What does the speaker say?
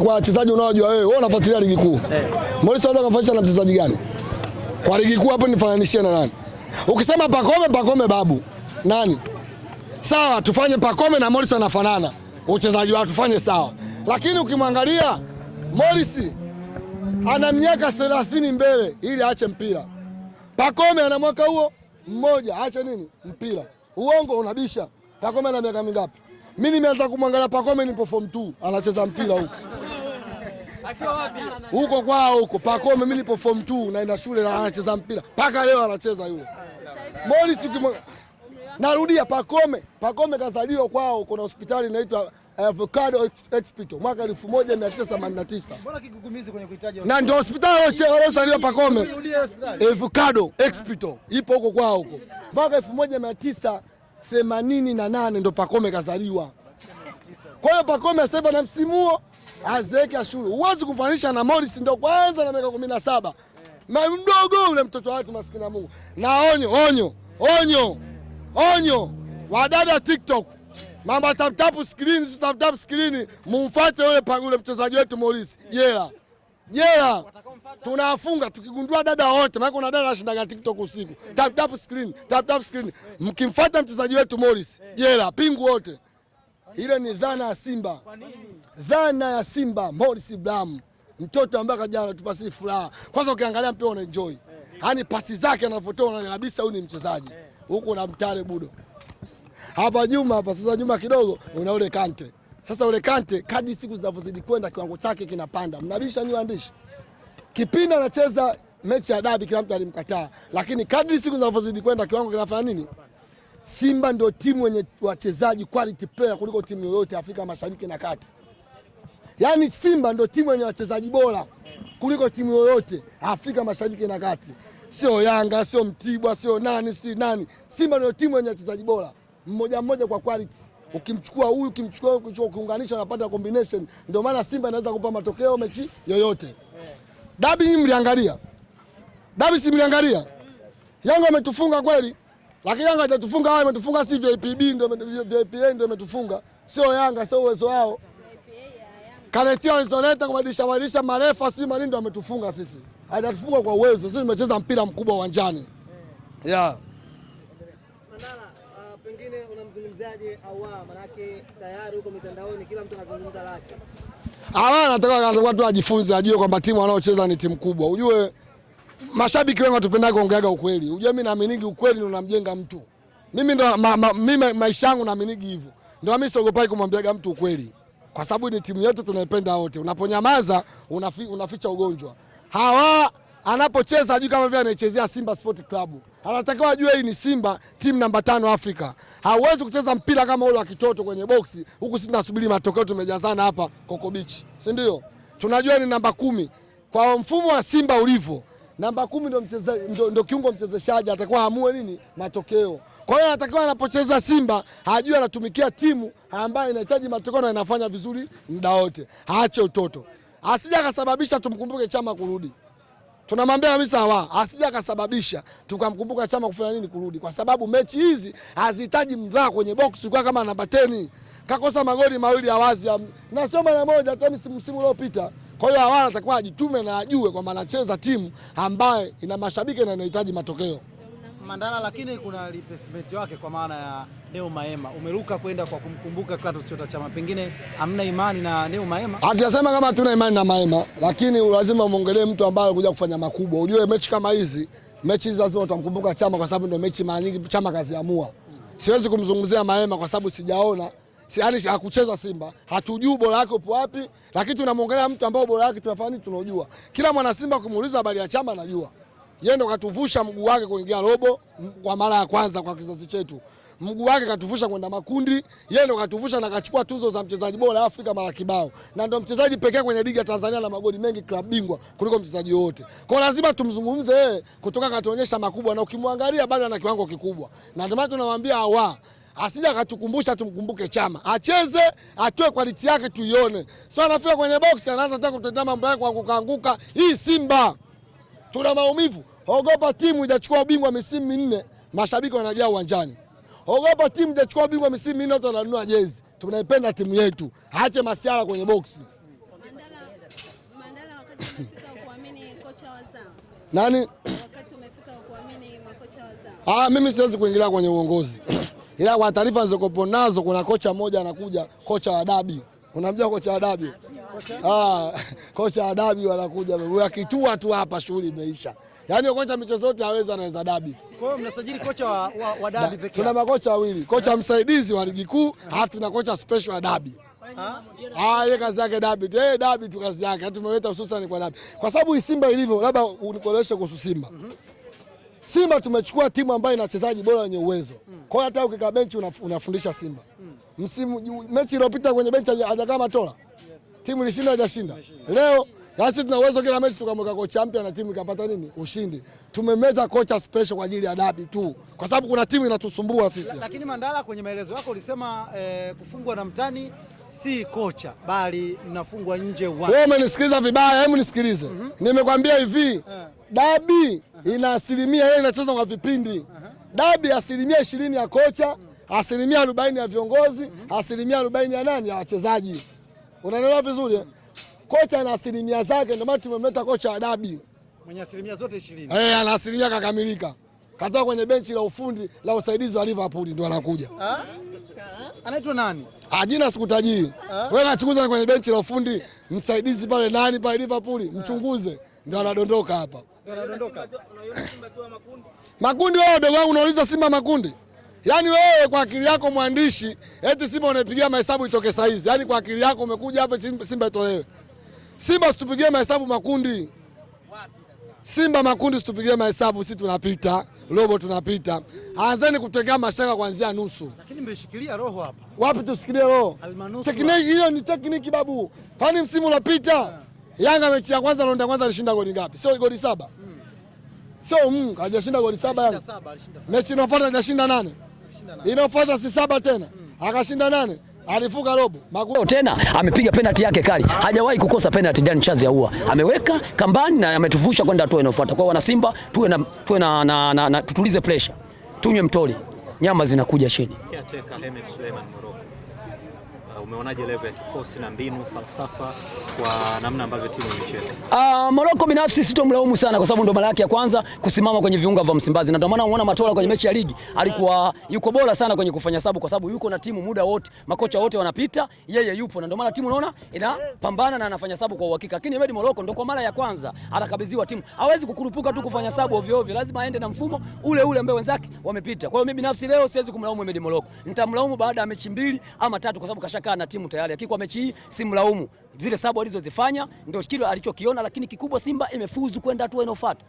kwa wachezaji unaojua wewe, wewe unafuatilia ligi kuu. Morris anaweza kumfananisha na mchezaji gani? Kwa ligi kuu hapo nifananishie na nani? Ukisema Pakome, Pakome babu. Nani? Sawa, tufanye Pakome na Morris anafanana. Uchezaji wao tufanye sawa. Lakini ukimwangalia Morris ana miaka 30 mbele ili aache mpira. Pakome ana mwaka huo mmoja aache nini? Mpira. Uongo unabisha. Pakome ana miaka mingapi? Mimi nimeanza kumwangalia Pakome nipo form 2 anacheza mpira huko huko kwao huko Pakome. Mimi nipo form 2 naenda shule na anacheza mpira mpaka leo anacheza yule Morris. Narudia Pakome, Pakome kazaliwa kwao, kuna hospitali inaitwa Avocado Hospital mwaka 1989 na ndio hospitali aliozaliwa Pakome, Avocado Hospital ipo huko kwao huko mwaka 1988 ndo Pakome kazaliwa. Kwa hiyo Pakome asema na msimu huo azeeke ashuru. Huwezi kumfanisha na Morris, ndio kwanza na miaka kumi na saba na mdogo ule mtoto watu, maskini na Mungu. Na onyo onyo onyo onyo, wadada TikTok, mama tap tap mamba taptapu skrini, taptapu skrini, mumfate ule pangule mchezaji wetu Morris jela jela tunafunga tukigundua dada wote, maana kuna dada anashindaga TikTok usiku, tap tap screen, tap tap screen. Mkimfuata mchezaji wetu Morris jela, pingu wote. Ile ni dhana ya Simba dhana ya Simba Morris Ibrahim, mtoto ambaye kaja anatupasia furaha. Kwanza ukiangalia mpira una enjoy, yaani pasi zake anavyotoa kabisa, huyu ni mchezaji huku na mtare budo hapa nyuma hapa sasa, nyuma kidogo una ule Kante sasa. Ule Kante kadi siku zinavyozidi kwenda kiwango chake kinapanda. Mnabisha nyinyi andishi. kipindi anacheza mechi ya dabi kila mtu alimkataa, lakini kadi siku zinavyozidi kwenda kiwango kinafanya nini? Simba ndio timu yenye wachezaji quality player kuliko timu yoyote Afrika Mashariki na Kati. Yaani Simba ndio timu yenye wachezaji bora kuliko timu yoyote Afrika Mashariki na Kati, sio Yanga, sio Mtibwa, sio nani, sio nani. Simba ndio timu yenye wachezaji bora mmoja mmoja kwa quality ukimchukua huyu ukimchukua huyu ukiunganisha unapata combination. Ndio maana Simba inaweza kupa matokeo mechi yoyote. Dabi hii mliangalia, dabi si mliangalia? Yanga ametufunga kweli, lakini Yanga hajatufunga wao, ametufunga si VIPB ndio VIPA ndio ametufunga. sio Yanga, sio uwezo wao. Kanetia walizoleta kubadilisha badilisha marefa si mali ndio ametufunga sisi. Hajatufunga kwa uwezo. Sisi tumecheza mpira mkubwa uwanjani. Yeah. Mandala, uh, pengine unamzungumzaje Awa manake tayari huko mitandaoni kila mtu anazungumza lake. Awa anataka anataka tu ajifunze ajue kwamba timu anaocheza ni timu kubwa. Ujue mashabiki wengi watupenda kuongeaga ukweli. Ujue mimi naaminigi ukweli ndio unamjenga mtu. Mimi ndo ma, ma, mimi maisha yangu naaminigi hivyo. Ndio mimi siogopai kumwambiaga mtu ukweli kwa sababu ni timu yetu tunaipenda wote. Unaponyamaza unafi, unaficha ugonjwa. Hawa anapocheza ajui kama vile anaichezea Simba Sport Club, anatakiwa ajue hii ni Simba timu namba tano Afrika. Hauwezi kucheza mpira kama ule wa kitoto kwenye boksi huku, sisi tunasubiri matokeo, tumejazana hapa kokobichi, si ndio? Tunajua ni namba kumi kwa mfumo wa Simba ulivyo, namba kumi ndo, ndo, ndo kiungo mchezeshaji atakuwa amue nini matokeo kwa hiyo anatakiwa anapocheza Simba hajui anatumikia timu ambayo inahitaji matokeo na inafanya vizuri muda wote, aache utoto, asija akasababisha tumkumbuke Chama kurudi. Tunamwambia kabisa wa asija akasababisha tukamkumbuka Chama kufanya nini kurudi, kwa sababu mechi hizi hazihitaji mdhaa kwenye box. Tulikuwa kama namba teni kakosa magoli mawili awazi na sio mara moja, hata msimu uliopita. Kwa hiyo awala atakuwa ajitume na ajue kwamba anacheza timu ambaye ina mashabiki na inahitaji matokeo. Mandala, lakini kuna replacement wake kwa maana ya Neo Maema. Umeruka kwenda kwa kumkumbuka Clatous Chota Chama, pengine hamna imani na Neo Maema. Hatujasema kama tuna imani na Maema, lakini lazima muongelee mtu ambaye kuja kufanya makubwa. Ujue mechi kama hizi, mechi hizi lazima utamkumbuka Chama kwa sababu ndio mechi mara nyingi Chama kaziamua. Siwezi kumzungumzia Maema kwa sababu sijaona Si, yani hakucheza Simba, hatujui ubora wake upo wapi, lakini tunamwongelea mtu ambaye ubora wake tunafahamu, tunajua. Kila mwana Simba kumuuliza habari ya Chama anajua yeye ndo katuvusha mguu wake kuingia robo kwa mara ya kwanza kwa kizazi chetu. Mguu wake katuvusha kwenda makundi, yeye ndo katuvusha na kachukua tuzo za mchezaji bora Afrika mara kibao, na ndo mchezaji pekee kwenye ligi ya Tanzania na magoli mengi klabu bingwa kuliko mchezaji wote. Kwa lazima tumzungumze yeye kutoka katuonyesha makubwa, na ukimwangalia bado ana kiwango kikubwa, na ndio maana tunamwambia hawa asija akatukumbusha, tumkumbuke Chama acheze, atoe kwaliti yake tuione. Sio anafika kwenye box anaanza kutenda mambo yake kwa kukaanguka. Hii Simba tuna maumivu. Ogopa timu ijachukua ubingwa misimu minne, mashabiki wanajaa uwanjani. Ogopa timu ijachukua ubingwa misimu minne, watu wananunua jezi. Tunaipenda timu yetu, aache masiara kwenye boksi. Nani? Ah, mimi siwezi kuingilia kwenye uongozi ila kwa taarifa nilizokopo nazo kuna kocha mmoja anakuja, kocha wa dabi. Unamjua kocha wa dabi? Ah, kocha adabi wanakuja akitua tu hapa, shughuli imeisha. Yaani kocha michezo yote hawezi, anaweza dabi. Kwa hiyo mnasajili kocha wa, wa, wa dabi pekee Tuna makocha wawili, kocha eh? msaidizi wa ligi kuu, halafu tuna kocha special wa dabi. Ah, yeye kazi yake dabi. Yeye dabi tu kazi yake. Yaani Tumeleta hususan kwa dabi. Kwa sababu Simba ilivyo, labda unikoleshe kuhusu Simba. Mhm. Simba tumechukua timu ambayo ina wachezaji bora wenye uwezo. Mm. Kwa hiyo hata ukikaa benchi unafundisha Simba. Mm. Msimu mechi iliyopita kwenye benchi hajakaa Matola timu ilishinda hajashinda leo sisi tuna uwezo kila mechi tukamweka kocha mpya na timu ikapata nini? Ushindi. Tumemeza kocha special kwa ajili ya dabi tu, kwa sababu kuna timu inatusumbua sisi. Lakini Mandala, kwenye maelezo yako ulisema eh, kufungwa na mtani si kocha bali mnafungwa nje wa. Wewe umenisikiliza vibaya, hebu nisikilize. mm -hmm. Nimekwambia hivi eh, dabi eh. ina asilimia yeye inachezwa kwa vipindi. uh eh. -huh. Dabi asilimia ishirini ya kocha, mm. asilimia arobaini ya viongozi, mm. asilimia arobaini ya nani ya wachezaji Unaelewa vizuri eh? Kocha ana asilimia zake, ndio maana tumemleta kocha wa dabi mwenye asilimia zote 20. Eh, ana asilimia kakamilika, katoka kwenye benchi la ufundi la usaidizi wa Liverpool ndio anakuja. Anaitwa nani? Ah, jina sikutajii wewe, nachunguza kwenye benchi la ufundi msaidizi pale, nani pale Liverpool, mchunguze ndio anadondoka hapa, anadondoka makundi. Wewe udogo wangu unauliza Simba makundi Yaani wewe kwa akili yako mwandishi, eti Simba unaipigia mahesabu itoke saizi. Yaani kwa akili yako umekuja hapa Simba itolewe. Simba situpigie mahesabu makundi. Simba makundi situpigie mahesabu, sisi tunapita, robo tunapita. Anzeni kutegea mashaka kuanzia nusu. Lakini mmeshikilia roho hapa. Wapi tusikilie roho? Tekniki hiyo ni tekniki babu. Kwani msimu unapita? Yanga mechi ya kwanza ronda kwanza alishinda goli ngapi? Sio goli saba. Hmm. Sio mm, hajashinda goli saba Yanga. Mechi inafuata hajashinda nane inafuata si saba tena, akashinda nane alifuka robo Magulo tena amepiga penalti yake kali, hajawahi kukosa penalti. ndani Chazi ya ua ameweka kambani na ametuvusha kwenda hatua inayofuata. Kwa wana Simba tuwe na, tuwe na, na, na, na tutulize pressure, tunywe mtoli, nyama zinakuja chini. Uh, umeonaje level ya kikosi na mbinu, falsafa kwa namna ambavyo timu imecheza? Uh, Morocco binafsi sitomlaumu sana kwa sababu ndo mara yake ya kwanza kusimama kwenye viunga vya Msimbazi, na ndio maana unaona Matola kwenye mechi ya ligi alikuwa yuko bora sana kwenye kufanya sabu, kwa sababu yuko na timu muda wote, makocha wote wanapita, yeye yupo, na ndio maana timu unaona inapambana na anafanya sabu kwa uhakika. Lakini Ahmed Morocco ndo kwa mara ya kwanza anakabidhiwa timu, hawezi kukurupuka tu kufanya sabu ovyo ovyo, lazima aende na mfumo ule ule ambao wenzake wamepita. Kwa hiyo mimi binafsi leo siwezi kumlaumu Ahmed Morocco, nitamlaumu baada ya mechi mbili ama tatu, kwa sababu kasha amekaa na timu tayari, lakini kwa mechi hii simlaumu, zile sabu alizozifanya ndio kile alichokiona, lakini kikubwa Simba imefuzu kwenda hatua inayofuata.